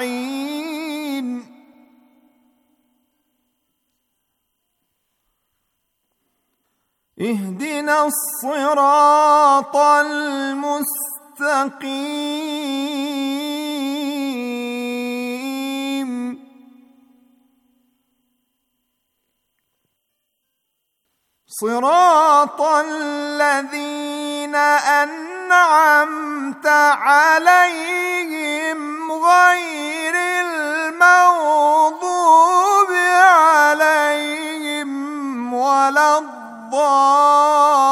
أجمعين اهدنا الصراط المستقيم صراط الذين أنعمت عليهم غير المغضوب عليهم ولا الضالين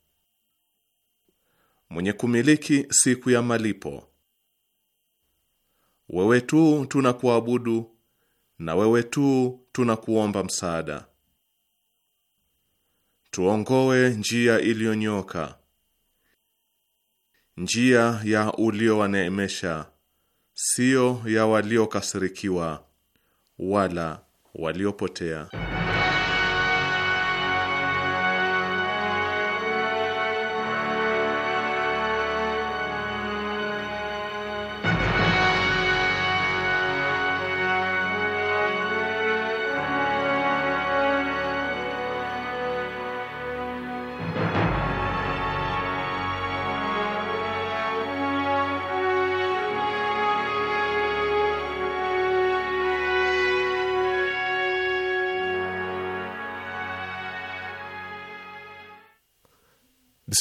mwenye kumiliki siku ya malipo. Wewe tu tunakuabudu na wewe tu tunakuomba msaada. Tuongoe njia iliyonyoka, njia ya uliowaneemesha, sio ya waliokasirikiwa wala waliopotea.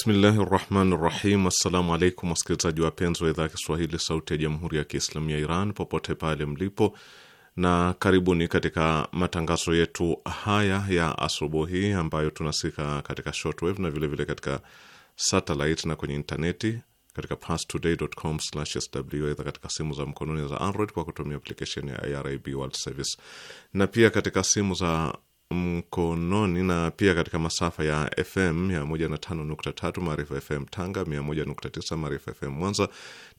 Bismillahi rahmani rahim. Assalamu alaikum wasikilizaji wapenzi wa idhaa ya Kiswahili sauti ya jamhuri ya Kiislamu ya Iran popote pale mlipo, na karibuni katika matangazo yetu haya ya asubuhi ambayo tunasika katika shortwave na vilevile vile katika satellite na kwenye intaneti katika sw aidha katika simu za mkononi za Android kwa kutumia aplikesheni ya IRIB World Service na pia katika simu za mkononi na pia katika masafa ya FM ya 105.3 Maarifa FM Tanga, 101.9 Maarifa FM Mwanza,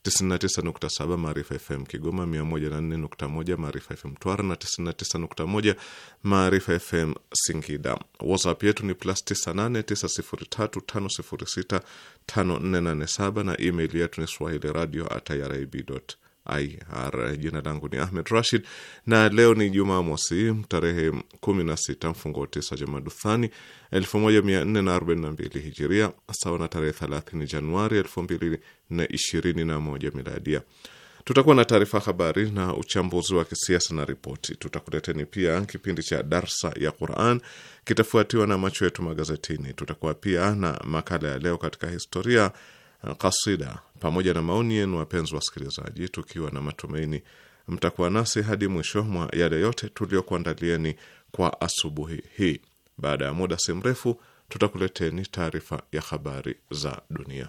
99.7 Maarifa FM Kigoma, 104.1 Maarifa FM Mtwara na 99.1 Maarifa FM Singida. WhatsApp yetu ni plus 989035065487 na email yetu ni swahili radio at irib IR. Jina langu ni Ahmed Rashid na leo ni Jumamosi tarehe 16 mfungo 9 Jamaduthani 1442 Hijiria, sawa na tarehe 30 Januari 2021 Miladia. Tutakuwa na taarifa habari na uchambuzi wa kisiasa na ripoti. Tutakuleteni pia kipindi cha darsa ya Quran, kitafuatiwa na macho yetu magazetini. Tutakuwa pia na makala ya leo katika historia Eh, kasida pamoja na maoni yenu, wapenzi wasikilizaji, tukiwa na matumaini mtakuwa nasi hadi mwisho mwa yale yote tuliyokuandalieni kwa asubuhi hii. Baada ya muda si mrefu, tutakuleteni taarifa ya habari za dunia.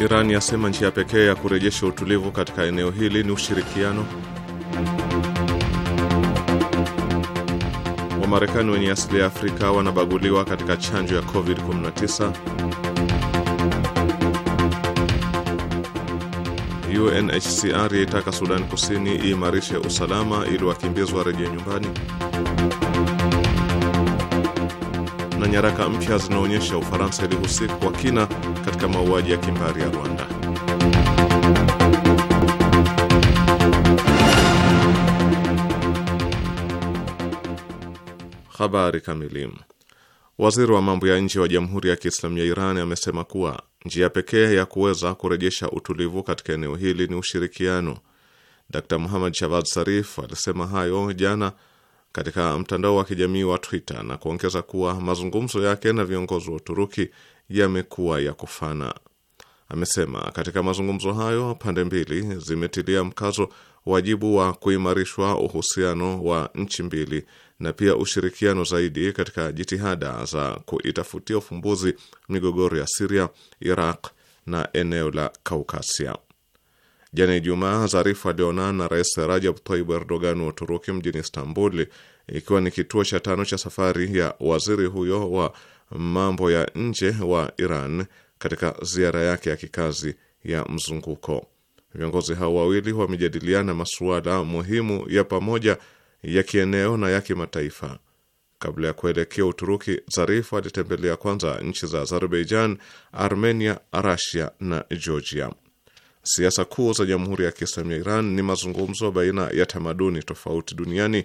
Iran yasema njia pekee ya kurejesha utulivu katika eneo hili ni ushirikiano. Wamarekani wenye asili ya Afrika wanabaguliwa katika chanjo ya COVID-19. UNHCR yaitaka Sudan Kusini iimarishe usalama ili wakimbizi warejee nyumbani. Na nyaraka mpya zinaonyesha Ufaransa ilihusika kwa kina katika mauaji ya kimbari ya Rwanda. Habari kamili. Waziri wa mambo ya nje wa Jamhuri ya Kiislamu ya Iran amesema kuwa njia pekee ya kuweza kurejesha utulivu katika eneo hili ni ushirikiano. Dr Muhammad Shahbaz sarif alisema hayo jana katika mtandao wa kijamii wa Twitter na kuongeza kuwa mazungumzo yake na viongozi wa Uturuki yamekuwa ya kufana. Amesema katika mazungumzo hayo pande mbili zimetilia mkazo wajibu wa kuimarishwa uhusiano wa nchi mbili na pia ushirikiano zaidi katika jitihada za kuitafutia ufumbuzi migogoro ya Siria, Iraq na eneo la Kaukasia. Jana Ijumaa, Zarif alionana na Rais Rajab Tayyip Erdogan wa Uturuki mjini Istanbul, ikiwa ni kituo cha tano cha safari ya waziri huyo wa mambo ya nje wa Iran katika ziara yake ya kikazi ya mzunguko. Viongozi hao wawili wamejadiliana masuala muhimu ya pamoja ya kieneo na ya kimataifa. Kabla ya kuelekea Uturuki, Zarif alitembelea kwanza nchi za Azerbaijan, Armenia, Rasia na Georgia. Siasa kuu za Jamhuri ya Kiislamu ya Iran ni mazungumzo baina ya tamaduni tofauti duniani,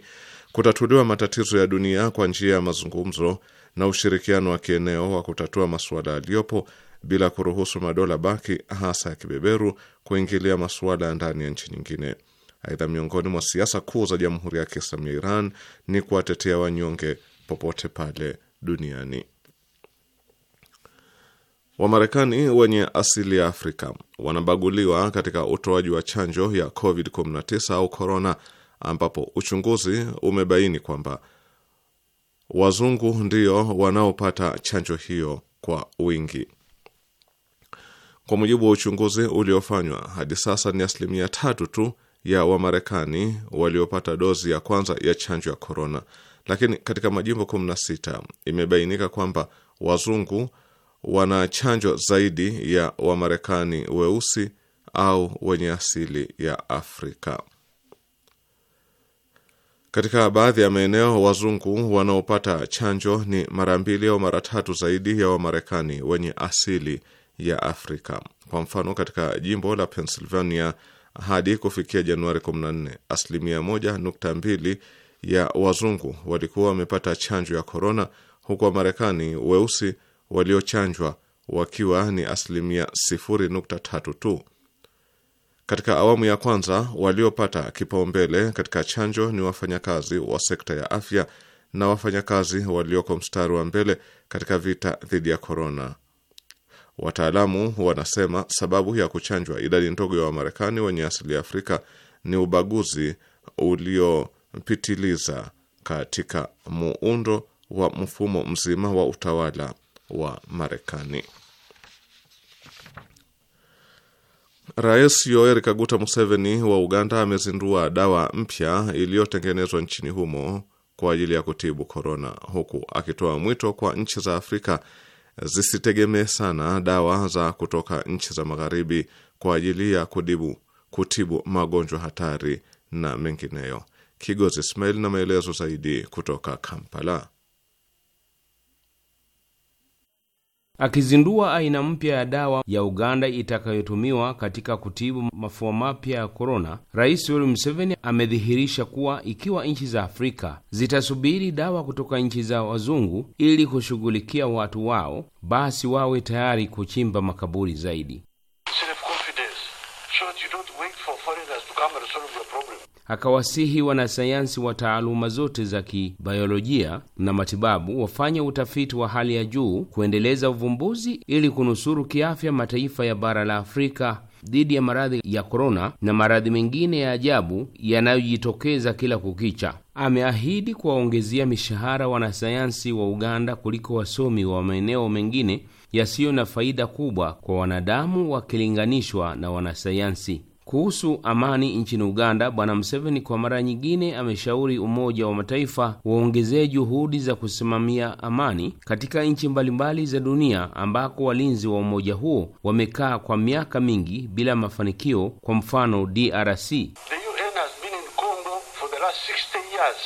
kutatuliwa matatizo ya dunia kwa njia ya mazungumzo na ushirikiano wa kieneo wa kutatua masuala yaliyopo bila kuruhusu madola baki hasa ya kibeberu kuingilia masuala ya ndani ya nchi nyingine. Aidha, miongoni mwa siasa kuu za Jamhuri ya Kiislamu ya Iran ni kuwatetea wanyonge popote pale duniani. Wamarekani wenye asili ya Afrika wanabaguliwa katika utoaji wa chanjo ya COVID-19 au korona, ambapo uchunguzi umebaini kwamba wazungu ndio wanaopata chanjo hiyo kwa wingi. Kwa mujibu wa uchunguzi uliofanywa, hadi sasa ni asilimia tatu tu ya Wamarekani waliopata dozi ya kwanza ya chanjo ya korona, lakini katika majimbo 16 imebainika kwamba wazungu wana chanjo zaidi ya Wamarekani weusi au wenye asili ya Afrika. Katika baadhi ya maeneo wazungu wanaopata chanjo ni mara mbili au mara tatu zaidi ya Wamarekani wenye asili ya Afrika. Kwa mfano, katika jimbo la Pennsylvania hadi kufikia Januari 14, asilimia 1.2 ya wazungu walikuwa wamepata chanjo ya korona, huku Wamarekani weusi waliochanjwa wakiwa ni asilimia 0.32. Katika awamu ya kwanza, waliopata kipaumbele katika chanjo ni wafanyakazi wa sekta ya afya na wafanyakazi walioko mstari wa mbele katika vita dhidi ya korona. Wataalamu wanasema sababu ya kuchanjwa idadi ndogo ya Wamarekani wenye asili ya Afrika ni ubaguzi uliopitiliza katika muundo wa mfumo mzima wa utawala wa Marekani. Rais Yoweri Kaguta Museveni wa Uganda amezindua dawa mpya iliyotengenezwa nchini humo kwa ajili ya kutibu korona, huku akitoa mwito kwa nchi za Afrika zisitegemee sana dawa za kutoka nchi za magharibi kwa ajili ya kudibu, kutibu magonjwa hatari na mengineyo. Kigozi Ismail na maelezo zaidi kutoka Kampala. Akizindua aina mpya ya dawa ya Uganda itakayotumiwa katika kutibu mafua mapya ya korona, Rais Yoweri Museveni amedhihirisha kuwa ikiwa nchi za Afrika zitasubiri dawa kutoka nchi za wazungu ili kushughulikia watu wao, basi wawe tayari kuchimba makaburi zaidi akawasihi wanasayansi wa taaluma zote za kibayolojia na matibabu wafanye utafiti wa hali ya juu kuendeleza uvumbuzi ili kunusuru kiafya mataifa ya bara la Afrika dhidi ya maradhi ya korona na maradhi mengine ya ajabu yanayojitokeza kila kukicha. Ameahidi kuwaongezea mishahara wanasayansi wa Uganda kuliko wasomi wa maeneo mengine yasiyo na faida kubwa kwa wanadamu wakilinganishwa na wanasayansi kuhusu amani nchini Uganda, Bwana Museveni kwa mara nyingine ameshauri Umoja wa Mataifa waongezee juhudi za kusimamia amani katika nchi mbalimbali za dunia ambako walinzi wa umoja huo wamekaa kwa miaka mingi bila mafanikio, kwa mfano DRC. The UN has been in Congo for the last 60 years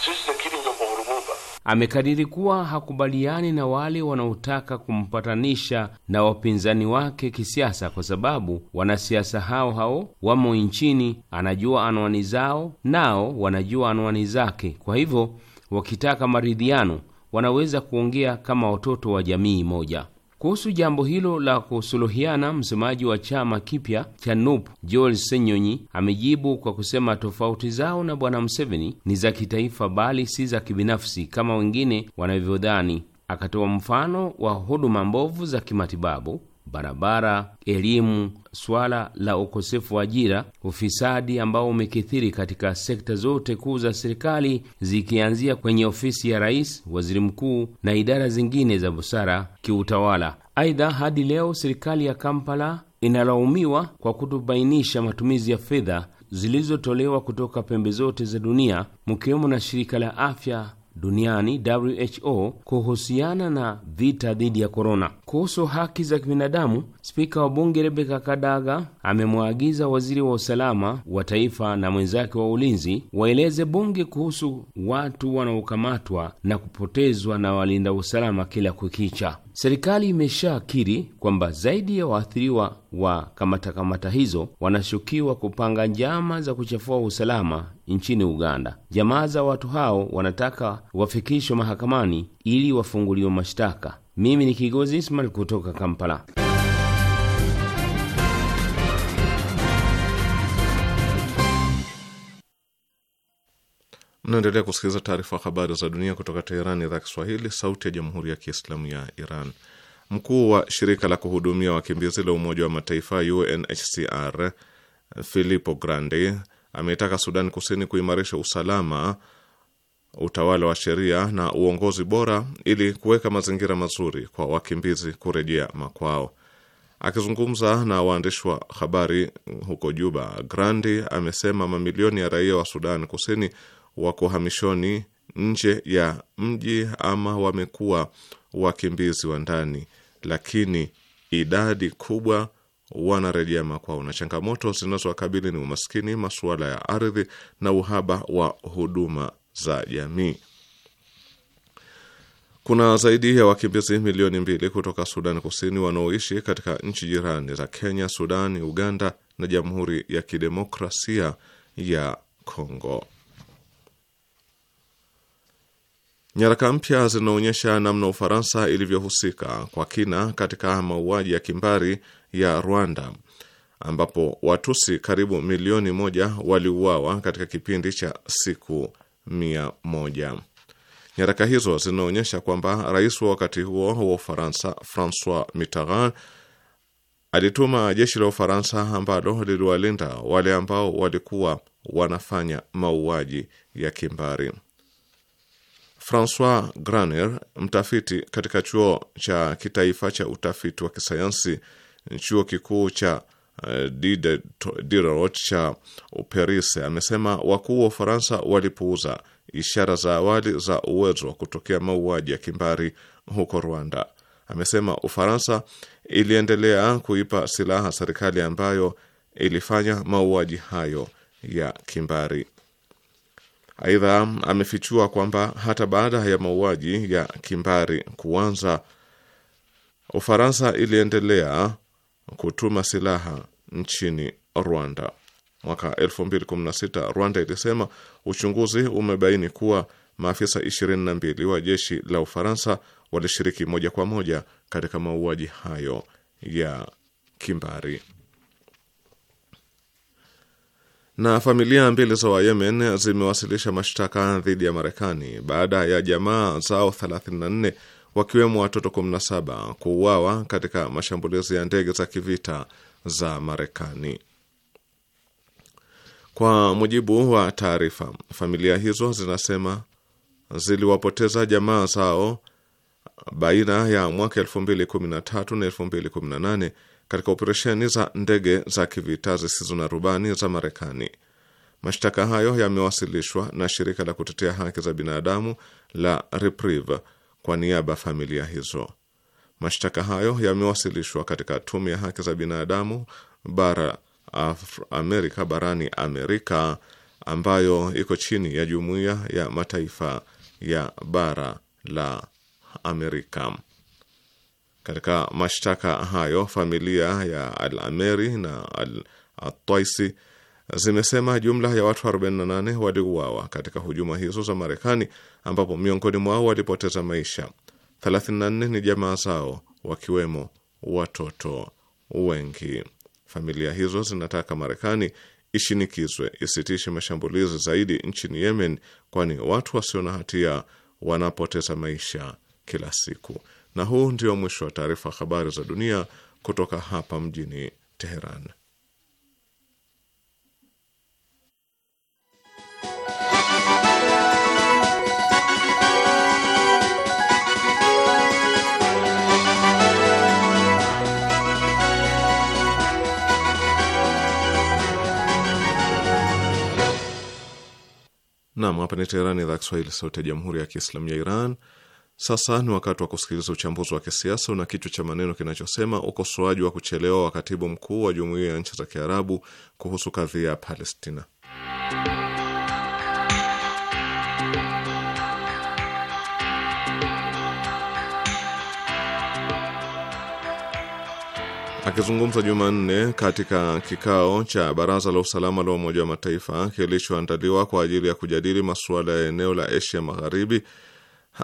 since the killing of Lumumba amekadiri kuwa hakubaliani na wale wanaotaka kumpatanisha na wapinzani wake kisiasa, kwa sababu wanasiasa hao hao wamo nchini, anajua anwani zao, nao wanajua anwani zake. Kwa hivyo wakitaka maridhiano, wanaweza kuongea kama watoto wa jamii moja. Kuhusu jambo hilo la kusuluhiana, msemaji wa chama kipya cha NUP Joel Senyonyi amejibu kwa kusema tofauti zao na bwana Museveni ni za kitaifa, bali si za kibinafsi kama wengine wanavyodhani. Akatoa mfano wa huduma mbovu za kimatibabu barabara, elimu, swala la ukosefu wa ajira, ufisadi ambao umekithiri katika sekta zote kuu za serikali, zikianzia kwenye ofisi ya rais, waziri mkuu na idara zingine za busara kiutawala. Aidha, hadi leo serikali ya Kampala inalaumiwa kwa kutobainisha matumizi ya fedha zilizotolewa kutoka pembe zote za dunia mkiwemo na shirika la afya duniani WHO kuhusiana na vita dhidi ya korona. Kuhusu haki za kibinadamu, spika wa bunge Rebeka Kadaga amemwagiza waziri wa usalama wa taifa na mwenzake wa ulinzi waeleze bunge kuhusu watu wanaokamatwa na kupotezwa na walinda usalama kila kukicha. Serikali imeshakiri kwamba zaidi ya waathiriwa wa kamatakamata kamata hizo wanashukiwa kupanga njama za kuchafua usalama nchini Uganda. Jamaa za watu hao wanataka wafikishwe mahakamani ili wafunguliwe mashtaka. Mimi ni Kigozi Ismail kutoka Kampala. Mnaendelea kusikiliza taarifa habari za dunia kutoka teheran idhaa Kiswahili, sauti ya jamhuri ya kiislamu ya Iran. Mkuu wa shirika la kuhudumia wakimbizi la Umoja wa Mataifa UNHCR Filippo Grandi ameitaka Sudan Kusini kuimarisha usalama, utawala wa sheria na uongozi bora ili kuweka mazingira mazuri kwa wakimbizi kurejea makwao. Akizungumza na waandishi wa habari huko Juba, Grandi amesema mamilioni ya raia wa Sudan Kusini wako hamishoni nje ya mji ama wamekuwa wakimbizi wa ndani, lakini idadi kubwa wanarejea makwao, na changamoto zinazowakabili ni umaskini, masuala ya ardhi na uhaba wa huduma za jamii. Kuna zaidi ya wakimbizi milioni mbili kutoka Sudani Kusini wanaoishi katika nchi jirani za Kenya, Sudani, Uganda na Jamhuri ya Kidemokrasia ya Kongo. Nyaraka mpya zinaonyesha namna Ufaransa ilivyohusika kwa kina katika mauaji ya kimbari ya Rwanda, ambapo Watusi karibu milioni moja waliuawa katika kipindi cha siku mia moja. Nyaraka hizo zinaonyesha kwamba rais wa wakati huo wa Ufaransa Francois Mitterrand alituma jeshi la Ufaransa ambalo liliwalinda wale ambao walikuwa wanafanya mauaji ya kimbari. Francois Graner, mtafiti katika chuo cha kitaifa cha utafiti wa kisayansi, chuo kikuu cha uh, Diderot cha Uparis, amesema wakuu wa Ufaransa walipuuza ishara za awali za uwezo wa kutokea mauaji ya kimbari huko Rwanda. Amesema Ufaransa iliendelea kuipa silaha serikali ambayo ilifanya mauaji hayo ya kimbari. Aidha, amefichua kwamba hata baada ya mauaji ya kimbari kuanza, Ufaransa iliendelea kutuma silaha nchini Rwanda. Mwaka 2016 Rwanda ilisema uchunguzi umebaini kuwa maafisa 22 wa jeshi la Ufaransa walishiriki moja kwa moja katika mauaji hayo ya kimbari. Na familia mbili za Wayemen zimewasilisha mashtaka dhidi ya Marekani baada ya jamaa zao 34 wakiwemo watoto 17 kuuawa katika mashambulizi ya ndege za kivita za Marekani. Kwa mujibu wa taarifa, familia hizo zinasema ziliwapoteza jamaa zao baina ya mwaka 2013 na 2018 katika operesheni za ndege za kivita zisizo na rubani za Marekani. Mashtaka hayo yamewasilishwa na shirika la kutetea haki za binadamu la Reprieve kwa niaba ya familia hizo. Mashtaka hayo yamewasilishwa katika tume ya haki za binadamu bara Amerika barani Amerika ambayo iko chini ya jumuiya ya mataifa ya bara la Amerika. Katika mashtaka hayo familia ya Al Ameri na Al Ataisi zimesema jumla ya watu 48 waliuawa katika hujuma hizo za Marekani, ambapo miongoni mwao walipoteza maisha 34 ni jamaa zao, wakiwemo watoto wengi. Familia hizo zinataka Marekani ishinikizwe isitishe mashambulizi zaidi nchini Yemen, kwani watu wasio na hatia wanapoteza maisha kila siku. Na huu ndio mwisho wa taarifa habari za dunia kutoka hapa mjini Teheran. Nam, hapa ni Teherani, idhaa Kiswahili, sauti ya jamhuri ya kiislamu ya Iran. Sasa ni wakati wa kusikiliza uchambuzi wa kisiasa una kichwa cha maneno kinachosema ukosoaji wa kuchelewa wa katibu mkuu wa jumuiya ya nchi za Kiarabu kuhusu kadhia ya Palestina. Akizungumza Jumanne katika kikao cha baraza la usalama la Umoja wa Mataifa kilichoandaliwa kwa ajili ya kujadili masuala ya eneo la Asia Magharibi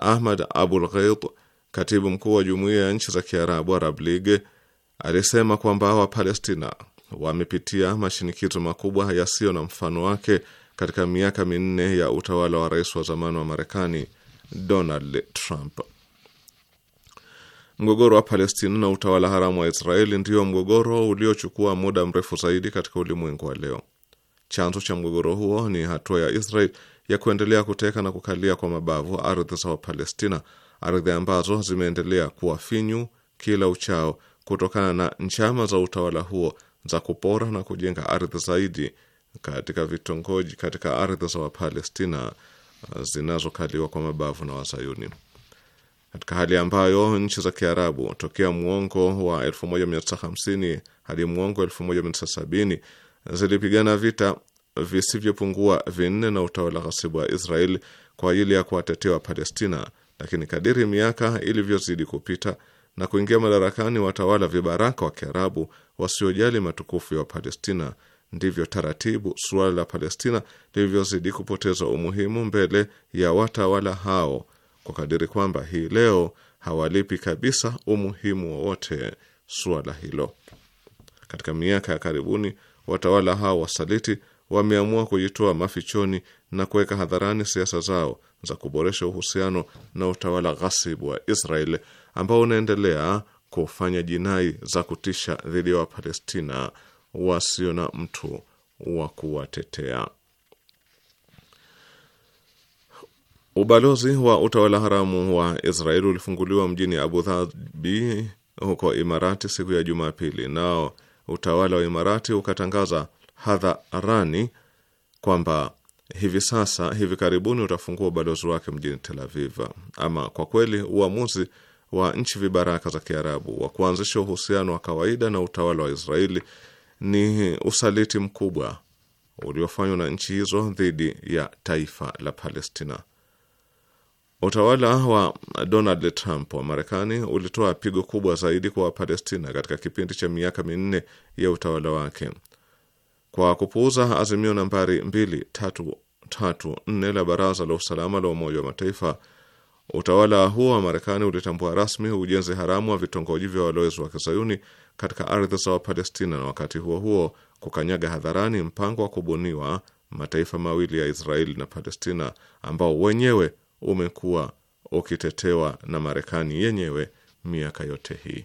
Ahmad Abul Gheit, katibu mkuu wa jumuiya ya nchi za Kiarabu, Arab League, alisema kwamba Wapalestina wamepitia mashinikizo makubwa yasiyo na mfano wake katika miaka minne ya utawala wa rais wa zamani wa Marekani Donald Trump. Mgogoro wa Palestina na utawala haramu wa Israeli ndio mgogoro uliochukua muda mrefu zaidi katika ulimwengu wa leo. Chanzo cha mgogoro huo ni hatua ya Israeli ya kuendelea kuteka na kukalia kwa mabavu ardhi za Wapalestina, ardhi ambazo zimeendelea kuwa finyu kila uchao kutokana na njama za utawala huo za kupora na kujenga ardhi zaidi katika vitongoji, katika ardhi za Wapalestina uh, zinazokaliwa kwa mabavu na Wazayuni, katika hali ambayo nchi za Kiarabu tokea mwongo wa 1950 hadi mwongo 1970 zilipigana vita visivyopungua vinne na utawala ghasibu wa Israeli kwa ajili ya kuwatetea Palestina, lakini kadiri miaka ilivyozidi kupita na kuingia madarakani watawala vibaraka wa Kiarabu wasiojali matukufu ya Wapalestina, ndivyo taratibu suala la Palestina lilivyozidi kupoteza umuhimu mbele ya watawala hao, kwa kadiri kwamba hii leo hawalipi kabisa umuhimu wowote suala hilo. Katika miaka ya karibuni watawala hao wasaliti wameamua kujitoa mafichoni na kuweka hadharani siasa zao za kuboresha uhusiano na utawala ghasibu wa Israel ambao unaendelea kufanya jinai za kutisha dhidi ya Wapalestina wasio na mtu wa kuwatetea. Ubalozi wa utawala haramu wa Israeli ulifunguliwa mjini Abu Dhabi huko Imarati siku ya Jumapili, nao utawala wa Imarati ukatangaza hadharani kwamba hivi sasa hivi karibuni utafungua ubalozi wake mjini Tel Aviv. Ama kwa kweli uamuzi wa nchi vibaraka za Kiarabu wa kuanzisha uhusiano wa kawaida na utawala wa Israeli ni usaliti mkubwa uliofanywa na nchi hizo dhidi ya taifa la Palestina. Utawala wa Donald Trump wa Marekani ulitoa pigo kubwa zaidi kwa Wapalestina katika kipindi cha miaka minne ya utawala wake kwa kupuuza azimio nambari 2334 la Baraza la Usalama la Umoja wa Mataifa, utawala huo wa Marekani ulitambua rasmi ujenzi haramu wa vitongoji vya walowezi wa kizayuni katika ardhi za Wapalestina na wakati huo huo kukanyaga hadharani mpango wa kubuniwa mataifa mawili ya Israeli na Palestina ambao wenyewe umekuwa ukitetewa na Marekani yenyewe miaka yote hii.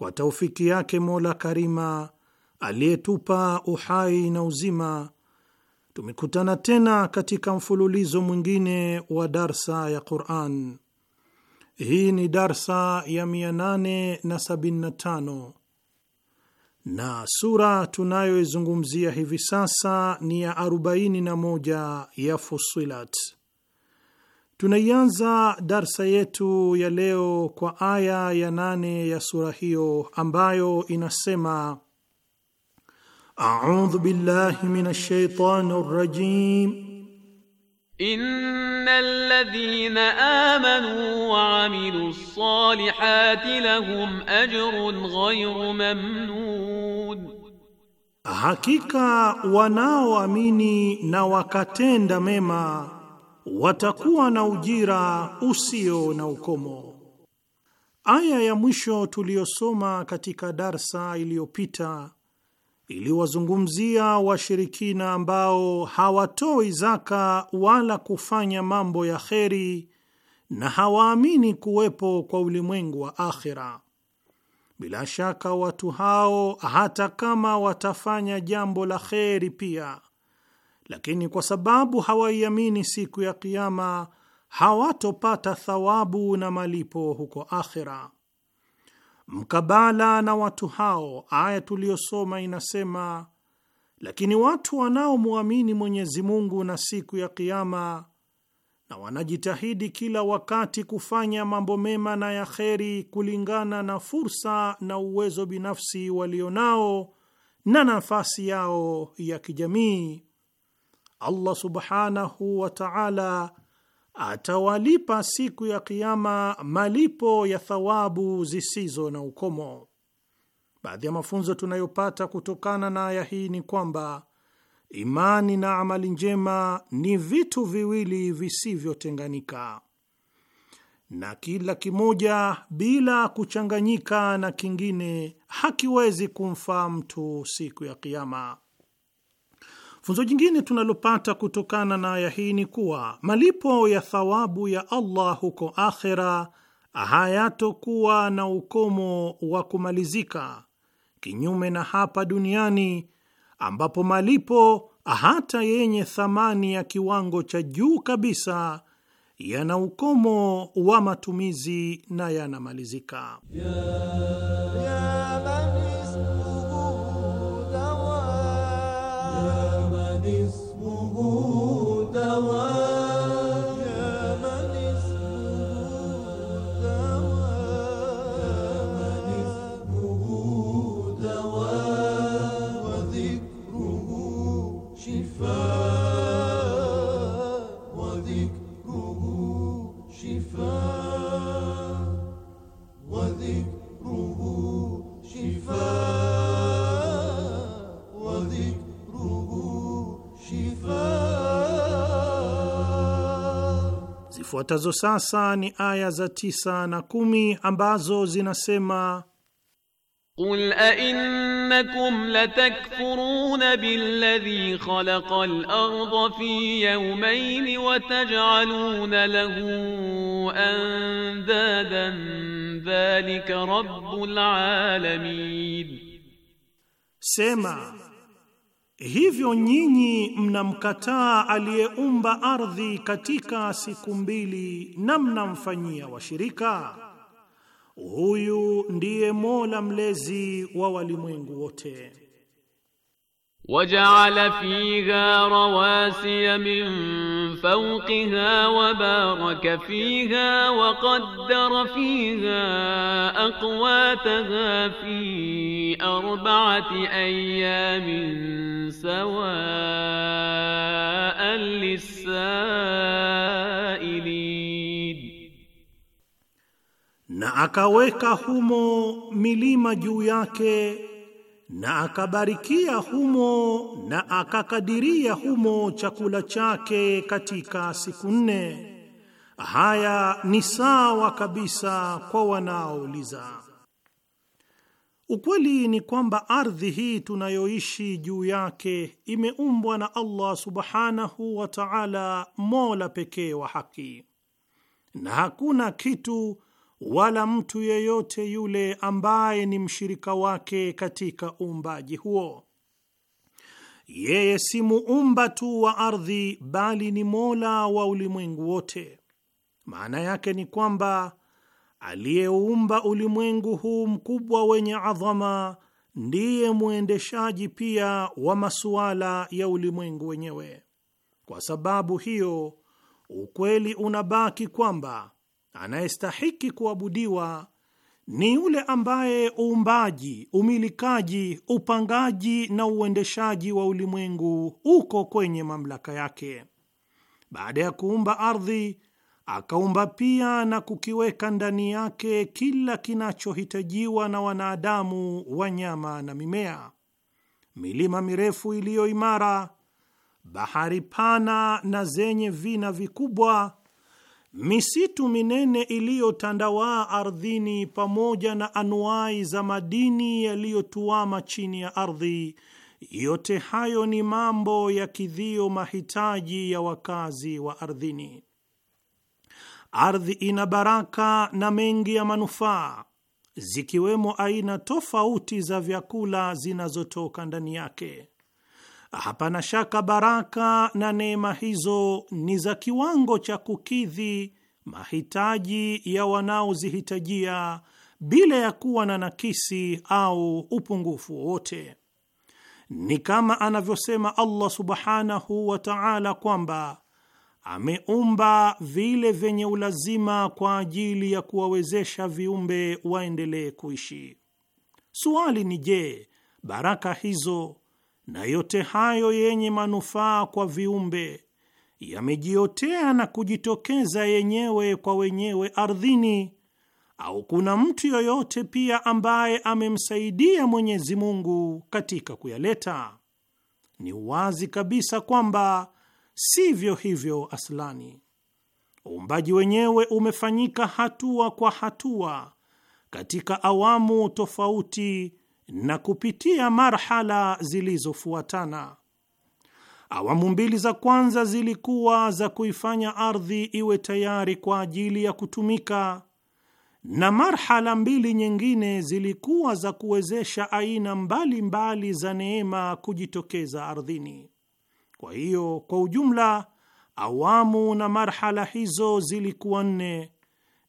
kwa taufiki yake Mola Karima aliyetupa uhai na uzima, tumekutana tena katika mfululizo mwingine wa darsa ya Quran. Hii ni darsa ya 875 na sura tunayoizungumzia hivi sasa ni ya 41 ya Fusilat. Tunaianza darsa yetu ya leo kwa aya ya nane ya sura hiyo ambayo inasema: audhu billahi minash shaitani rajim innal ladhina amanu wa amilus salihati lahum ajrun ghayru mamnun, hakika wanaoamini na wakatenda mema watakuwa na ujira usio na ukomo. Aya ya mwisho tuliyosoma katika darsa iliyopita iliwazungumzia washirikina ambao hawatoi zaka wala kufanya mambo ya kheri na hawaamini kuwepo kwa ulimwengu wa akhira. Bila shaka watu hao hata kama watafanya jambo la kheri pia lakini kwa sababu hawaiamini siku ya Kiama hawatopata thawabu na malipo huko akhira. Mkabala na watu hao, aya tuliyosoma inasema, lakini watu wanaomwamini Mwenyezi Mungu na siku ya Kiama na wanajitahidi kila wakati kufanya mambo mema na ya kheri kulingana na fursa na uwezo binafsi walionao na nafasi yao ya kijamii Allah subhanahu wa ta'ala atawalipa siku ya Kiama malipo ya thawabu zisizo na ukomo. Baadhi ya mafunzo tunayopata kutokana na aya hii ni kwamba imani na amali njema ni vitu viwili visivyotenganika, na kila kimoja bila kuchanganyika na kingine hakiwezi kumfaa mtu siku ya Kiama. Funzo jingine tunalopata kutokana na aya hii ni kuwa malipo ya thawabu ya Allah huko akhera hayatokuwa na ukomo wa kumalizika, kinyume na hapa duniani ambapo malipo hata yenye thamani ya kiwango cha juu kabisa yana ukomo wa matumizi na yanamalizika ya, ya. Zifuatazo sasa ni aya za tisa na kumi ambazo zinasema Qul ainnakum latakfuruna billadhi khalaqa al-ardha fi yawmayn wa taj'aluna lahu andadan dhalika rabbul alamin, sema Hivyo nyinyi mnamkataa aliyeumba ardhi katika siku mbili na mnamfanyia washirika. Huyu ndiye Mola mlezi wa walimwengu wote. وجعل فيها رواسي من فوقها وبارك فيها وقدر فيها أقواتها في أربعة أيام سواء للسائلين na akaweka humo milima juu yake na akabarikia humo na akakadiria humo chakula chake katika siku nne. Haya ni sawa kabisa kwa wanaouliza. Ukweli ni kwamba ardhi hii tunayoishi juu yake imeumbwa na Allah subhanahu wa ta'ala, mola pekee wa haki, na hakuna kitu wala mtu yeyote yule ambaye ni mshirika wake katika uumbaji huo. Yeye si muumba tu wa ardhi, bali ni mola wa ulimwengu wote. Maana yake ni kwamba aliyeumba ulimwengu huu mkubwa wenye adhama ndiye mwendeshaji pia wa masuala ya ulimwengu wenyewe. Kwa sababu hiyo, ukweli unabaki kwamba anayestahiki kuabudiwa ni yule ambaye uumbaji, umilikaji, upangaji na uendeshaji wa ulimwengu uko kwenye mamlaka yake. Baada ya kuumba ardhi, akaumba pia na kukiweka ndani yake kila kinachohitajiwa na wanadamu, wanyama na mimea, milima mirefu iliyo imara, bahari pana na zenye vina vikubwa misitu minene iliyotandawaa ardhini pamoja na anuai za madini yaliyotuama chini ya ardhi. Yote hayo ni mambo yakidhio mahitaji ya wakazi wa ardhini. Ardhi ina baraka na mengi ya manufaa, zikiwemo aina tofauti za vyakula zinazotoka ndani yake. Hapana shaka baraka na neema hizo ni za kiwango cha kukidhi mahitaji ya wanaozihitajia bila ya kuwa na nakisi au upungufu wowote. Ni kama anavyosema Allah subhanahu wa ta'ala kwamba ameumba vile vyenye ulazima kwa ajili ya kuwawezesha viumbe waendelee kuishi. Suali ni je, baraka hizo na yote hayo yenye manufaa kwa viumbe yamejiotea na kujitokeza yenyewe kwa wenyewe ardhini, au kuna mtu yoyote pia ambaye amemsaidia Mwenyezi Mungu katika kuyaleta? Ni wazi kabisa kwamba sivyo hivyo aslani. Uumbaji wenyewe umefanyika hatua kwa hatua katika awamu tofauti na kupitia marhala zilizofuatana. Awamu mbili za kwanza zilikuwa za kuifanya ardhi iwe tayari kwa ajili ya kutumika, na marhala mbili nyingine zilikuwa za kuwezesha aina mbalimbali mbali za neema kujitokeza ardhini. Kwa hiyo, kwa ujumla, awamu na marhala hizo zilikuwa nne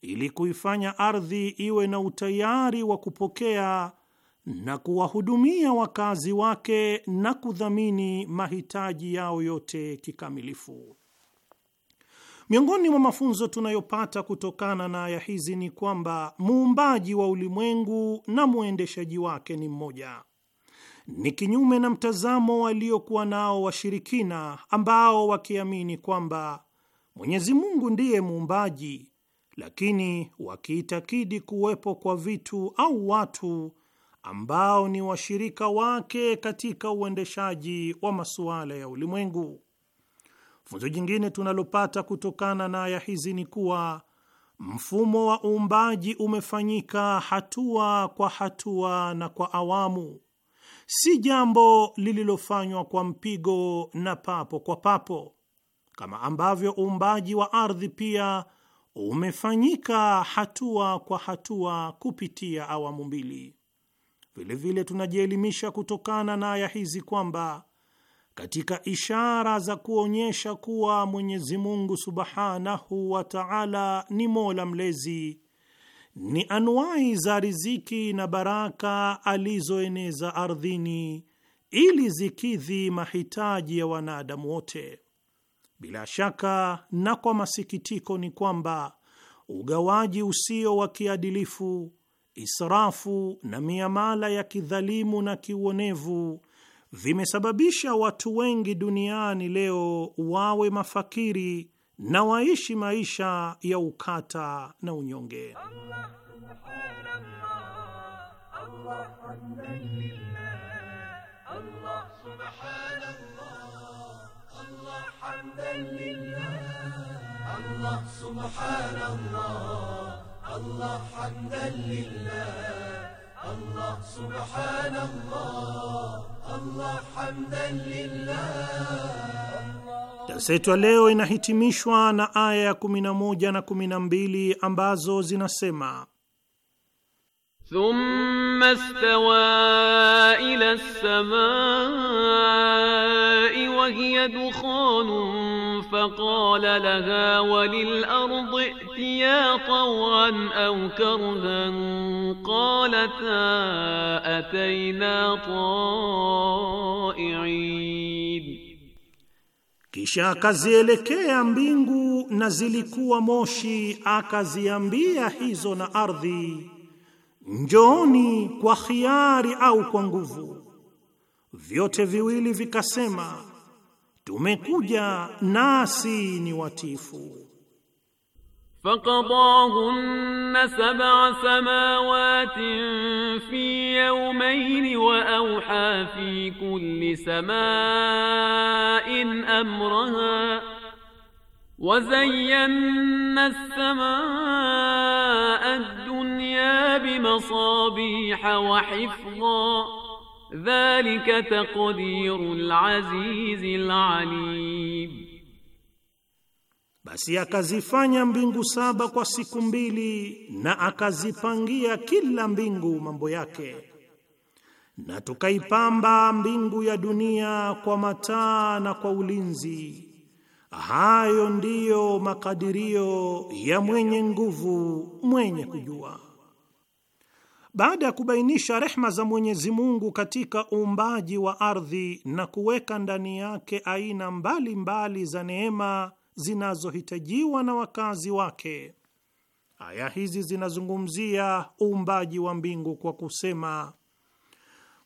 ili kuifanya ardhi iwe na utayari wa kupokea na kuwahudumia wakazi wake na kudhamini mahitaji yao yote kikamilifu. Miongoni mwa mafunzo tunayopata kutokana na aya hizi ni kwamba muumbaji wa ulimwengu na mwendeshaji wake ni mmoja. Ni kinyume na mtazamo waliokuwa nao washirikina ambao wakiamini kwamba Mwenyezi Mungu ndiye muumbaji, lakini wakiitakidi kuwepo kwa vitu au watu ambao ni washirika wake katika uendeshaji wa masuala ya ulimwengu. Funzo jingine tunalopata kutokana na aya hizi ni kuwa mfumo wa uumbaji umefanyika hatua kwa hatua na kwa awamu, si jambo lililofanywa kwa mpigo na papo kwa papo, kama ambavyo uumbaji wa ardhi pia umefanyika hatua kwa hatua kupitia awamu mbili. Vilevile tunajielimisha kutokana na aya hizi kwamba katika ishara za kuonyesha kuwa Mwenyezi Mungu Subhanahu wa Ta'ala ni Mola mlezi ni anuwai za riziki na baraka alizoeneza ardhini ili zikidhi mahitaji ya wanadamu wote. Bila shaka na kwa masikitiko ni kwamba ugawaji usio wa kiadilifu israfu na miamala ya kidhalimu na kiuonevu vimesababisha watu wengi duniani leo wawe mafakiri na waishi maisha ya ukata na unyonge. Allah, Allah hamdan lillah Allah subhanallah الله hamdan lillah. Darsa yetu leo inahitimishwa na aya ya 11 na 12 ambazo zinasema Thumma stawa ila as wa hiya dukhanun فقال لها وللأرض ائتيا طوعا أو كرها قالتا أتينا طائعين Kisha akazielekea mbingu na zilikuwa moshi, akaziambia hizo na ardhi, njooni kwa khiari au kwa nguvu. Vyote viwili vikasema tumekuja nasi ni watifu. فقضاهن سبع سماوات في يومين واوحى في كل سماء امرها وزينا السماء الدنيا بمصابيح وحفظا Dhalika taqdirul azizil alim, basi akazifanya mbingu saba kwa siku mbili na akazipangia kila mbingu mambo yake, na tukaipamba mbingu ya dunia kwa mataa na kwa ulinzi. Hayo ndiyo makadirio ya mwenye nguvu mwenye kujua. Baada ya kubainisha rehma za Mwenyezi Mungu katika uumbaji wa ardhi na kuweka ndani yake aina mbalimbali mbali za neema zinazohitajiwa na wakazi wake, aya hizi zinazungumzia uumbaji wa mbingu kwa kusema,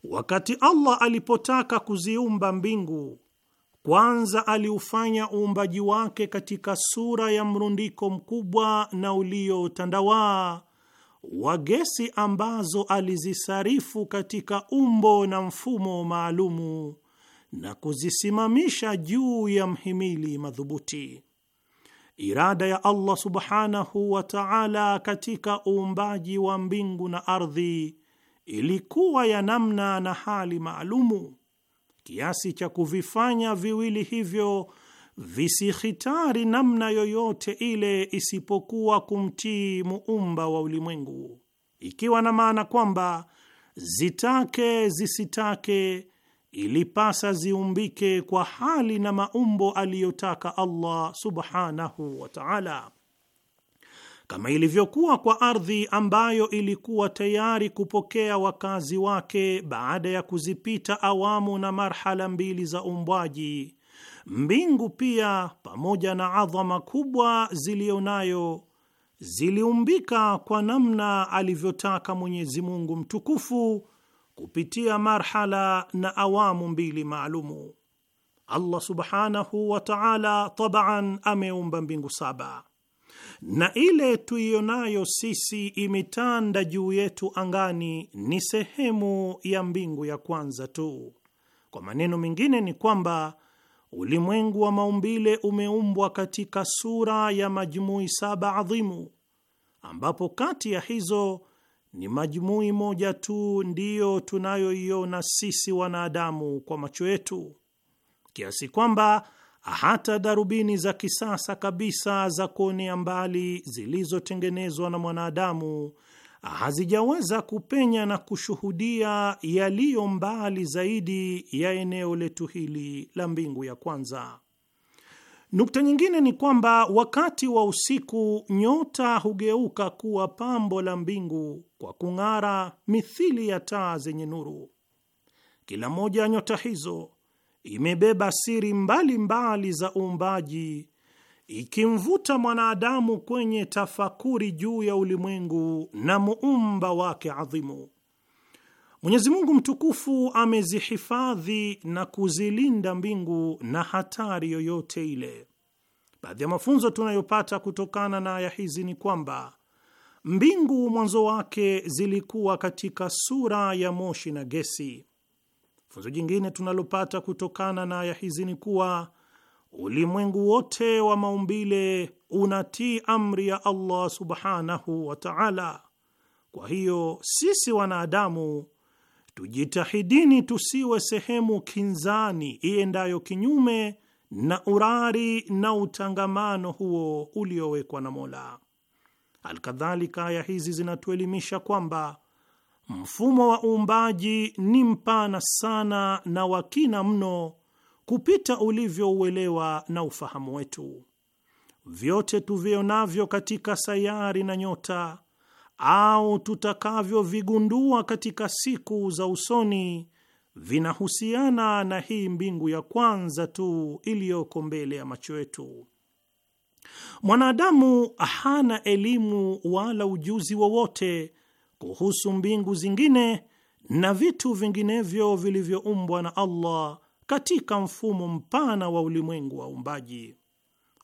wakati Allah alipotaka kuziumba mbingu, kwanza aliufanya uumbaji wake katika sura ya mrundiko mkubwa na uliotandawaa wa gesi ambazo alizisarifu katika umbo na mfumo maalumu na kuzisimamisha juu ya mhimili madhubuti. Irada ya Allah subhanahu wa ta'ala katika uumbaji wa mbingu na ardhi ilikuwa ya namna na hali maalumu kiasi cha kuvifanya viwili hivyo visihitari namna yoyote ile isipokuwa kumtii muumba wa ulimwengu, ikiwa na maana kwamba zitake zisitake, ilipasa ziumbike kwa hali na maumbo aliyotaka Allah subhanahu wa ta'ala, kama ilivyokuwa kwa ardhi ambayo ilikuwa tayari kupokea wakazi wake baada ya kuzipita awamu na marhala mbili za umbwaji Mbingu pia pamoja na adhama kubwa ziliyonayo ziliumbika kwa namna alivyotaka Mwenyezi Mungu mtukufu kupitia marhala na awamu mbili maalumu. Allah subhanahu wa ta'ala tabaan ameumba mbingu saba, na ile tuiyonayo sisi imetanda juu yetu angani ni sehemu ya mbingu ya kwanza tu. Kwa maneno mengine ni kwamba ulimwengu wa maumbile umeumbwa katika sura ya majumui saba adhimu, ambapo kati ya hizo ni majumui moja tu ndiyo tunayoiona sisi wanadamu kwa macho yetu, kiasi kwamba hata darubini za kisasa kabisa za kuonea mbali zilizotengenezwa na mwanadamu hazijaweza kupenya na kushuhudia yaliyo mbali zaidi ya eneo letu hili la mbingu ya kwanza. Nukta nyingine ni kwamba wakati wa usiku nyota hugeuka kuwa pambo la mbingu kwa kung'ara mithili ya taa zenye nuru. Kila moja ya nyota hizo imebeba siri mbalimbali mbali za uumbaji ikimvuta mwanadamu kwenye tafakuri juu ya ulimwengu na muumba wake adhimu. Mwenyezi Mungu mtukufu amezihifadhi na kuzilinda mbingu na hatari yoyote ile. Baadhi ya mafunzo tunayopata kutokana na aya hizi ni kwamba mbingu mwanzo wake zilikuwa katika sura ya moshi na gesi. Funzo jingine tunalopata kutokana na aya hizi ni kuwa ulimwengu wote wa maumbile unatii amri ya Allah subhanahu wa ta'ala. Kwa hiyo sisi wanadamu tujitahidini tusiwe sehemu kinzani iendayo kinyume na urari na utangamano huo uliowekwa na Mola. Alkadhalika, aya hizi zinatuelimisha kwamba mfumo wa uumbaji ni mpana sana na wa kina mno kupita ulivyouelewa na ufahamu wetu. Vyote tuvionavyo katika sayari na nyota au tutakavyovigundua katika siku za usoni vinahusiana na hii mbingu ya kwanza tu iliyoko mbele ya macho yetu. Mwanadamu hana elimu wala ujuzi wowote wa kuhusu mbingu zingine na vitu vinginevyo vilivyoumbwa na Allah katika mfumo mpana wa ulimwengu wa uumbaji.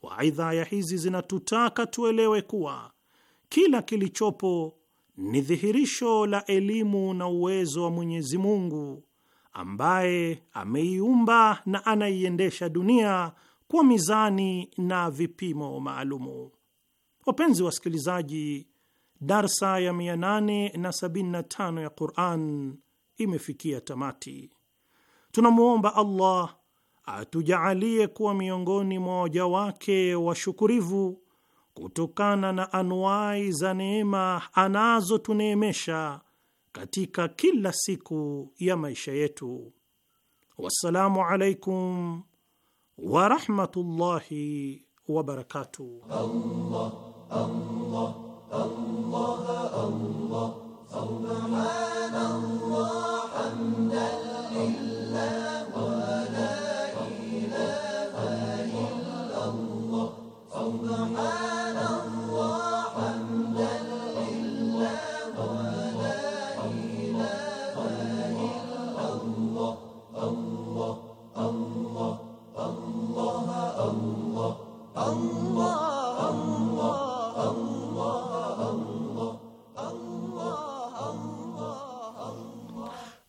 Waidha, aya hizi zinatutaka tuelewe kuwa kila kilichopo ni dhihirisho la elimu na uwezo wa Mwenyezi Mungu ambaye ameiumba na anaiendesha dunia kwa mizani na vipimo maalumu. Wapenzi wasikilizaji, darsa ya 875 ya Quran imefikia tamati. Tunamwomba Allah atujaalie kuwa miongoni mwa waja wake washukurivu kutokana na anuwai za neema anazotuneemesha katika kila siku ya maisha yetu. Wassalamu alaikum warahmatullahi wabarakatuh. Allah, Allah, Allah, Allah, Allah. سبحان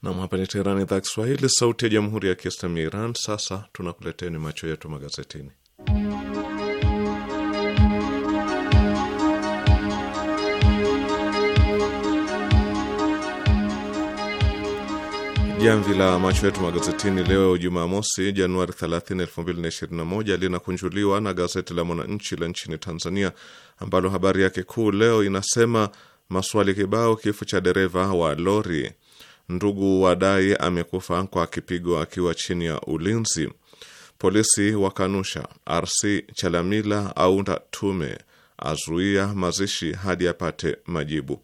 Nam, hapa ni Teherani, idhaa Kiswahili, sauti ya jamhuri ya kiislamu ya Iran. Sasa tunakuleteni macho yetu magazetini. Jamvi la macho yetu magazetini leo Jumamosi, Januari 30, 2021 linakunjuliwa na gazeti la Mwananchi la nchini Tanzania, ambalo habari yake kuu leo inasema maswali kibao, kifo cha dereva wa lori Ndugu wa dai amekufa kwa kipigo akiwa chini ya ulinzi. Polisi wakanusha. RC Chalamila aunda tume, azuia mazishi hadi apate majibu.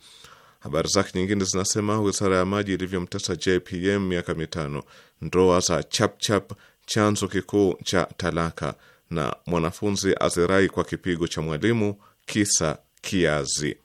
Habari zake nyingine zinasema wizara ya maji ilivyomtesa JPM miaka mitano, ndoa za chapchap chanzo kikuu cha talaka, na mwanafunzi azirai kwa kipigo cha mwalimu kisa kiazi.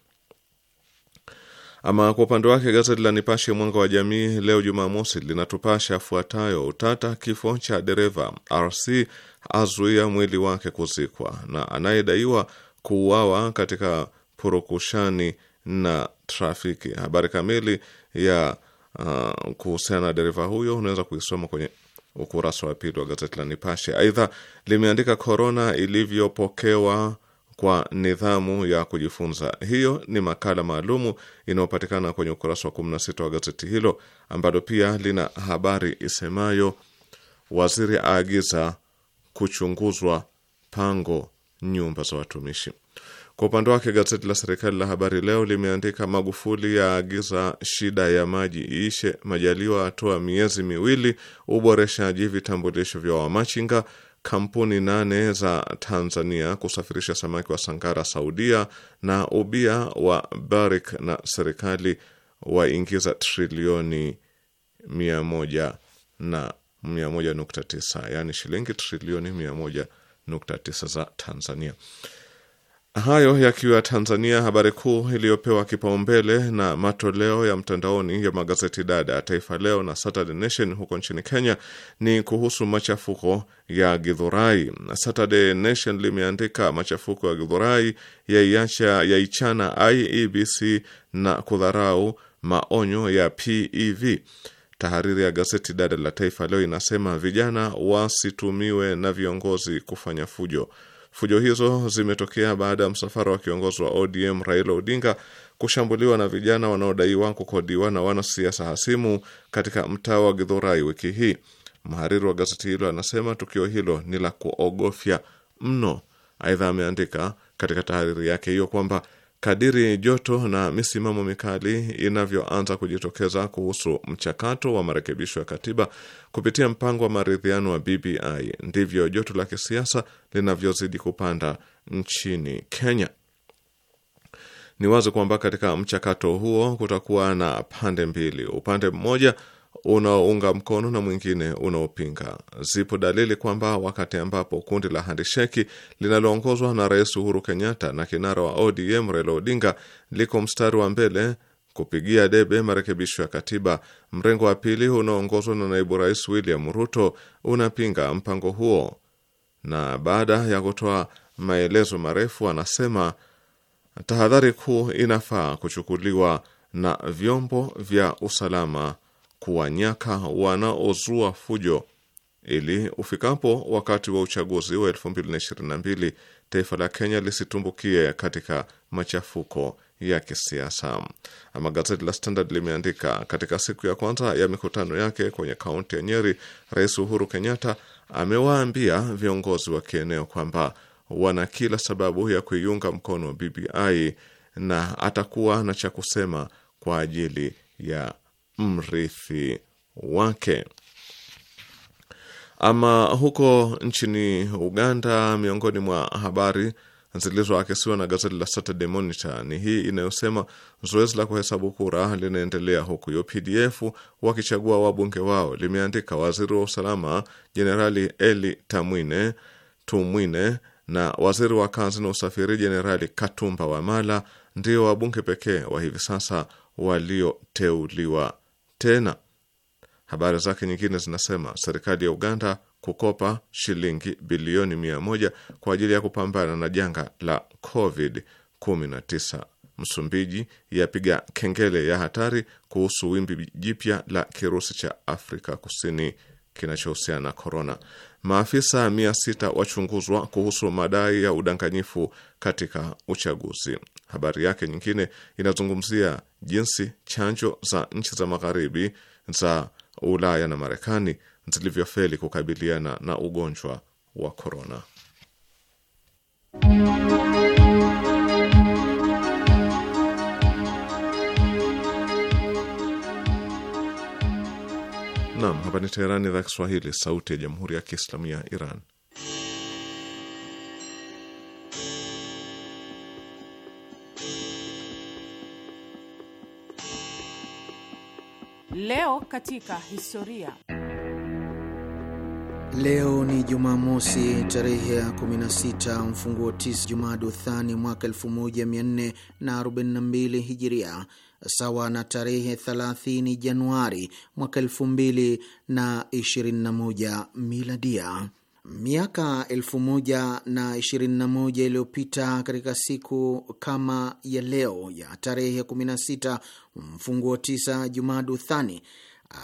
Ama kwa upande wake gazeti la Nipashe Mwanga wa Jamii leo Jumamosi linatupasha afuatayo: utata kifo cha dereva RC azuia mwili wake kuzikwa, na anayedaiwa kuuawa katika purukushani na trafiki. Habari kamili ya uh, kuhusiana na dereva huyo unaweza kuisoma kwenye ukurasa wa pili wa gazeti la Nipashe. Aidha limeandika korona ilivyopokewa kwa nidhamu ya kujifunza. Hiyo ni makala maalumu inayopatikana kwenye ukurasa wa 16 wa gazeti hilo, ambalo pia lina habari isemayo waziri aagiza kuchunguzwa pango nyumba za watumishi. Kwa upande wake gazeti la serikali la Habari Leo limeandika Magufuli yaagiza shida ya maji iishe, Majaliwa atoa miezi miwili uboreshaji vitambulisho vya wamachinga kampuni nane za Tanzania kusafirisha samaki wa sangara Saudia na ubia wa Barik na serikali waingiza trilioni mia moja na mia moja nukta tisa yaani shilingi trilioni mia moja nukta tisa za Tanzania. Hayo yakiwa Tanzania, habari kuu iliyopewa kipaumbele na matoleo ya mtandaoni ya magazeti dada Taifa Leo na Saturday Nation huko nchini Kenya ni kuhusu machafuko ya Githurai. Saturday Nation limeandika machafuko ya Githurai yaichana IEBC na kudharau maonyo ya PEV. Tahariri ya gazeti dada la Taifa Leo inasema vijana wasitumiwe na viongozi kufanya fujo. Fujo hizo zimetokea baada ya msafara wa kiongozi wa ODM Raila Odinga kushambuliwa na vijana wanaodaiwa kukodiwa na wanasiasa hasimu katika mtaa wa Githurai wiki hii. Mhariri wa gazeti hilo anasema tukio hilo ni la kuogofya mno. Aidha ameandika katika tahariri yake hiyo kwamba Kadiri joto na misimamo mikali inavyoanza kujitokeza kuhusu mchakato wa marekebisho ya katiba kupitia mpango wa maridhiano wa BBI, ndivyo joto la kisiasa linavyozidi kupanda nchini Kenya. Ni wazi kwamba katika mchakato huo kutakuwa na pande mbili. Upande mmoja unaounga mkono na mwingine unaopinga. Zipo dalili kwamba wakati ambapo kundi la handisheki linaloongozwa na Rais Uhuru Kenyatta na kinara wa ODM Raila Odinga liko mstari wa mbele kupigia debe marekebisho ya katiba, mrengo wa pili unaoongozwa na naibu rais William Ruto unapinga mpango huo, na baada ya kutoa maelezo marefu anasema tahadhari kuu inafaa kuchukuliwa na vyombo vya usalama kuwanyaka wanaozua fujo ili ufikapo wakati wa uchaguzi wa 2022 taifa la Kenya lisitumbukie katika machafuko ya kisiasa. Ama gazeti la Standard limeandika katika siku ya kwanza ya mikutano yake kwenye kaunti ya Nyeri, Rais Uhuru Kenyatta amewaambia viongozi wa kieneo kwamba wana kila sababu ya kuiunga mkono BBI na atakuwa na cha kusema kwa ajili ya mrithi wake. Ama huko nchini Uganda, miongoni mwa habari zilizoakisiwa na gazeti la Saturday Monitor ni hii inayosema zoezi la kuhesabu kura linaendelea huku UPDF wakichagua wabunge wao. Limeandika waziri wa usalama Jenerali Eli Tamwine Tumwine na waziri wa kazi na usafiri Jenerali Katumba Wamala ndio wabunge pekee wa hivi sasa walioteuliwa tena. Habari zake nyingine zinasema serikali ya Uganda kukopa shilingi bilioni mia moja kwa ajili ya kupambana na janga la Covid 19. Msumbiji yapiga kengele ya hatari kuhusu wimbi jipya la kirusi cha Afrika Kusini kinachohusiana na korona. Maafisa sita wachunguzwa kuhusu madai ya udanganyifu katika uchaguzi. Habari yake nyingine inazungumzia jinsi chanjo za nchi za magharibi za Ulaya na Marekani zilivyofeli kukabiliana na ugonjwa wa korona. Naam, hapa ni Teherani, idhaa Kiswahili, sauti ya jamhuri ya kiislamu ya Iran. Leo katika historia. Leo ni Jumamosi tarehe ya 16 mfunguo 9 Jumada duthani mwaka 1442 Hijiria, sawa na tarehe 30 Januari mwaka 2021 Miladia. Miaka elfu moja na ishirini na moja iliyopita katika siku kama ya leo ya tarehe 16 mfunguo 9 Jumadu Thani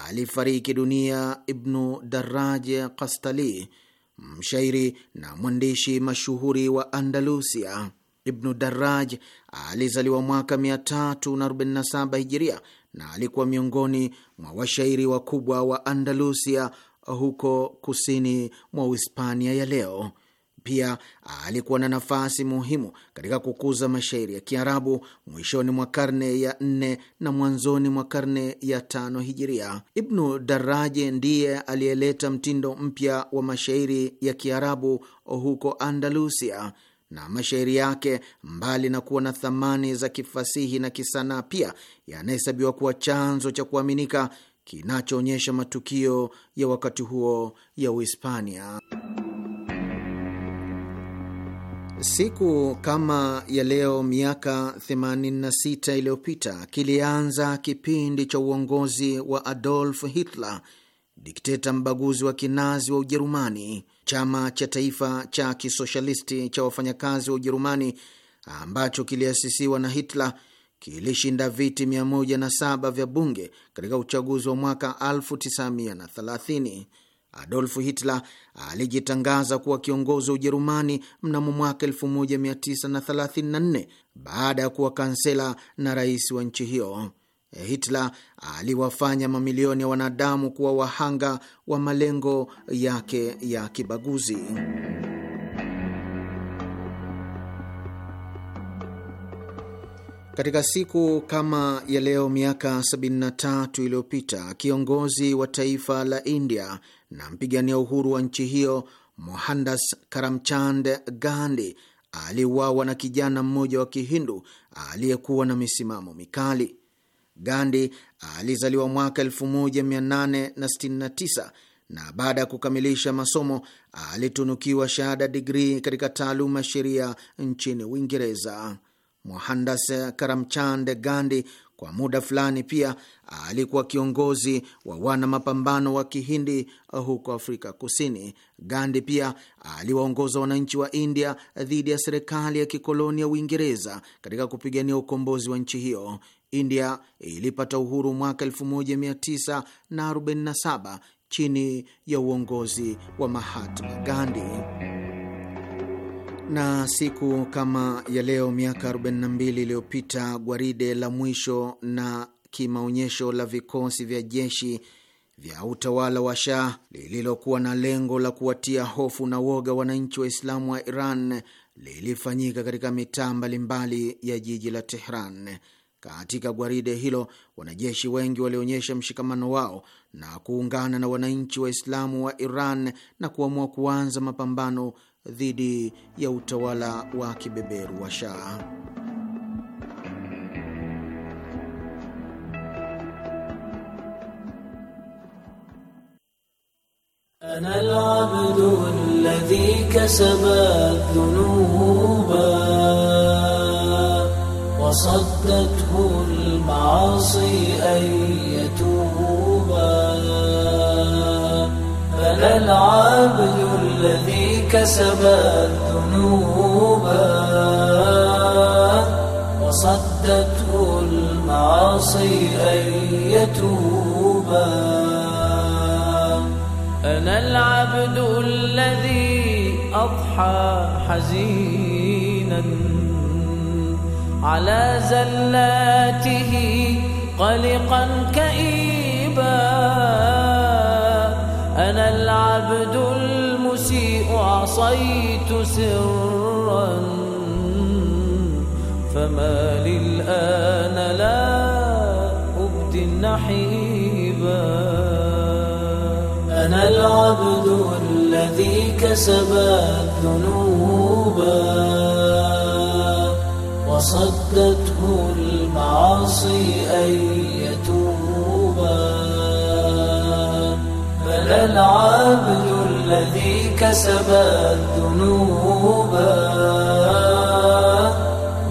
alifariki dunia Ibnu Daraj Kastali, mshairi na mwandishi mashuhuri wa Andalusia. Ibnu Daraj alizaliwa mwaka 347 Hijiria na alikuwa miongoni mwa washairi wakubwa wa Andalusia huko kusini mwa Uhispania ya leo. Pia alikuwa na nafasi muhimu katika kukuza mashairi ya Kiarabu mwishoni mwa karne ya nne na mwanzoni mwa karne ya tano hijiria. Ibnu Daraje ndiye aliyeleta mtindo mpya wa mashairi ya Kiarabu huko Andalusia, na mashairi yake mbali na kuwa na thamani za kifasihi na kisanaa, pia yanahesabiwa kuwa chanzo cha kuaminika kinachoonyesha matukio ya wakati huo ya Uhispania. Siku kama ya leo miaka 86 iliyopita kilianza kipindi cha uongozi wa Adolf Hitler, dikteta mbaguzi wa kinazi wa Ujerumani. Chama cha taifa cha kisoshalisti cha wafanyakazi wa Ujerumani ambacho kiliasisiwa na Hitler kilishinda viti 107 vya bunge katika uchaguzi wa mwaka 1930. Adolf Hitler alijitangaza kuwa kiongozi wa Ujerumani mnamo mwaka 1934 baada ya kuwa kansela na rais wa nchi hiyo. Hitler aliwafanya mamilioni ya wanadamu kuwa wahanga wa malengo yake ya kibaguzi. Katika siku kama ya leo miaka 73 iliyopita kiongozi wa taifa la India na mpigania uhuru wa nchi hiyo Mohandas Karamchand Gandhi aliuawa na kijana mmoja wa Kihindu aliyekuwa na misimamo mikali. Gandhi alizaliwa mwaka 1869 na baada ya kukamilisha masomo alitunukiwa shahada digrii katika taaluma sheria nchini Uingereza. Mohandas eh, Karamchand eh, Gandhi kwa muda fulani pia alikuwa kiongozi wa wana mapambano wa kihindi eh, huko Afrika Kusini. Gandhi pia aliwaongoza wananchi wa India dhidi ya serikali ya kikoloni ya Uingereza katika kupigania ukombozi wa nchi hiyo. India ilipata uhuru mwaka 1947 chini ya uongozi wa Mahatma Gandhi. Na siku kama ya leo miaka 42 iliyopita gwaride la mwisho na kimaonyesho la vikosi vya jeshi vya utawala wa Shah lililokuwa na lengo la kuwatia hofu na woga wananchi wa islamu wa Iran lilifanyika katika mitaa mbalimbali ya jiji la Tehran. Katika gwaride hilo wanajeshi wengi walionyesha mshikamano wao na kuungana na wananchi Waislamu wa Iran na kuamua kuanza mapambano dhidi ya utawala wa kibeberu wa Shaa. Ana al-abdu alladhi al-abdu alladhi كسب الذنوب وصدته المعاصي أن يتوبا أنا العبد الذي أضحى حزينا على زلاته قلقا كئيبا أنا العبد الذي عصيت سرا فما للآن لا أبدي النحيبا أنا العبد الذي كسب الذنوبا وصدته المعاصي أن يتوبا فلا العبد كسبت ذنوبا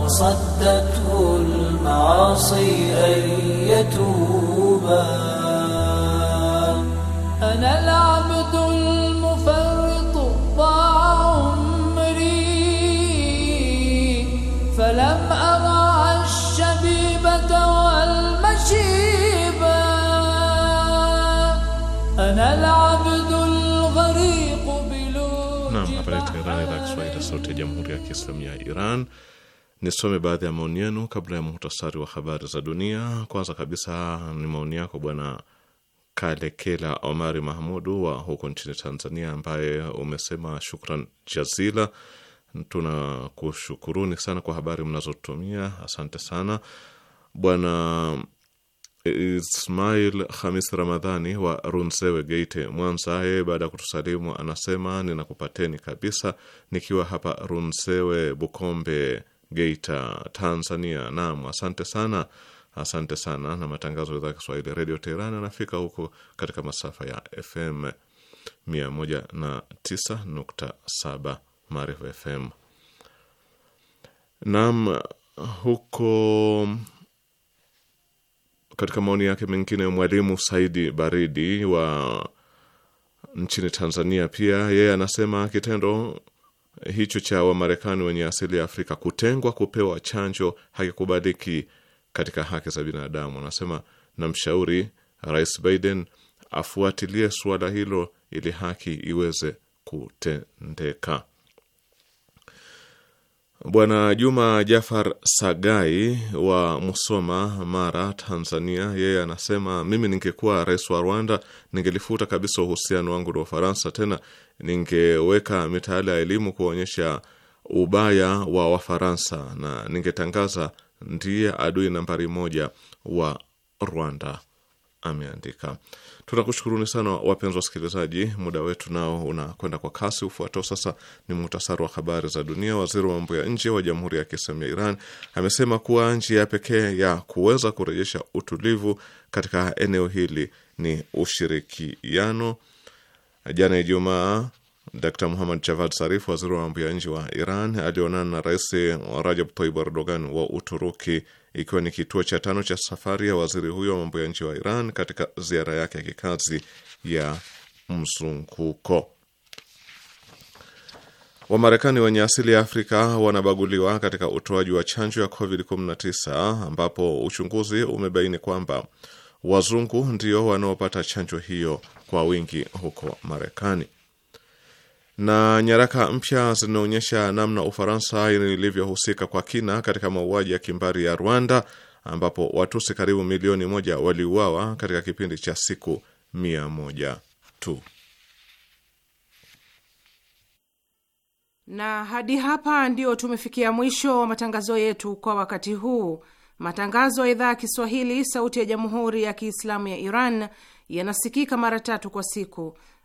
وصدته المعاصي أن يتوبا Jamhuri ya Kiislamu ya Iran. Nisome baadhi ya maoni yenu kabla ya muhtasari wa habari za dunia. Kwanza kabisa ni maoni yako bwana Kalekela Omari Mahmudu wa huko nchini Tanzania, ambaye umesema shukran jazila. tuna kushukuruni sana kwa habari mnazotumia, asante sana bwana Ismail Hamis Ramadhani wa Runsewe Geite, Mwanza, yeye baada ya kutusalimu anasema ninakupateni kabisa nikiwa hapa Runsewe Bukombe, Geita, Tanzania. Naam, asante sana, asante sana. Na matangazo ya idhaa Kiswahili Redio Teheran anafika huko katika masafa ya FM 109.7 Maarifa FM. Naam, huko katika maoni yake mengine, mwalimu Saidi Baridi wa nchini Tanzania pia yeye anasema kitendo hicho cha Wamarekani wenye asili ya Afrika kutengwa kupewa chanjo hakikubaliki katika haki za binadamu. Anasema namshauri Rais Biden afuatilie suala hilo ili haki iweze kutendeka. Bwana Juma Jafar Sagai wa Musoma, Mara, Tanzania, yeye anasema mimi ningekuwa rais wa Rwanda ningelifuta kabisa uhusiano wangu na Ufaransa, tena ningeweka mitaala ya elimu kuonyesha ubaya wa Wafaransa na ningetangaza ndiye adui nambari moja wa Rwanda, ameandika. Tunakushukuruni sana wapenzi wasikilizaji, muda wetu nao unakwenda kwa kasi. Ufuatao sasa ni muhtasari wa habari za dunia. Waziri wa mambo ya nje wa Jamhuri ya Kiislamu ya Iran amesema kuwa njia pekee ya kuweza kurejesha utulivu katika eneo hili ni ushirikiano. Jana Ijumaa Dkt Muhammad Javad Zarif, waziri wa mambo ya nje wa Iran, alionana na Rais Rajab Tayyip Erdogan wa Uturuki, ikiwa ni kituo cha tano cha safari ya waziri huyo wa mambo ya nje wa Iran katika ziara yake ya kikazi ya mzunguko. Wamarekani wenye asili ya Afrika wanabaguliwa katika utoaji wa chanjo ya COVID-19 ambapo uchunguzi umebaini kwamba wazungu ndio wanaopata chanjo hiyo kwa wingi huko Marekani na nyaraka mpya zinaonyesha namna Ufaransa ilivyohusika kwa kina katika mauaji ya kimbari ya Rwanda, ambapo Watusi karibu milioni moja waliuawa katika kipindi cha siku mia moja tu. Na hadi hapa ndio tumefikia mwisho wa matangazo yetu kwa wakati huu. Matangazo ya idhaa ya Kiswahili, sauti ya jamhuri ya kiislamu ya Iran yanasikika mara tatu kwa siku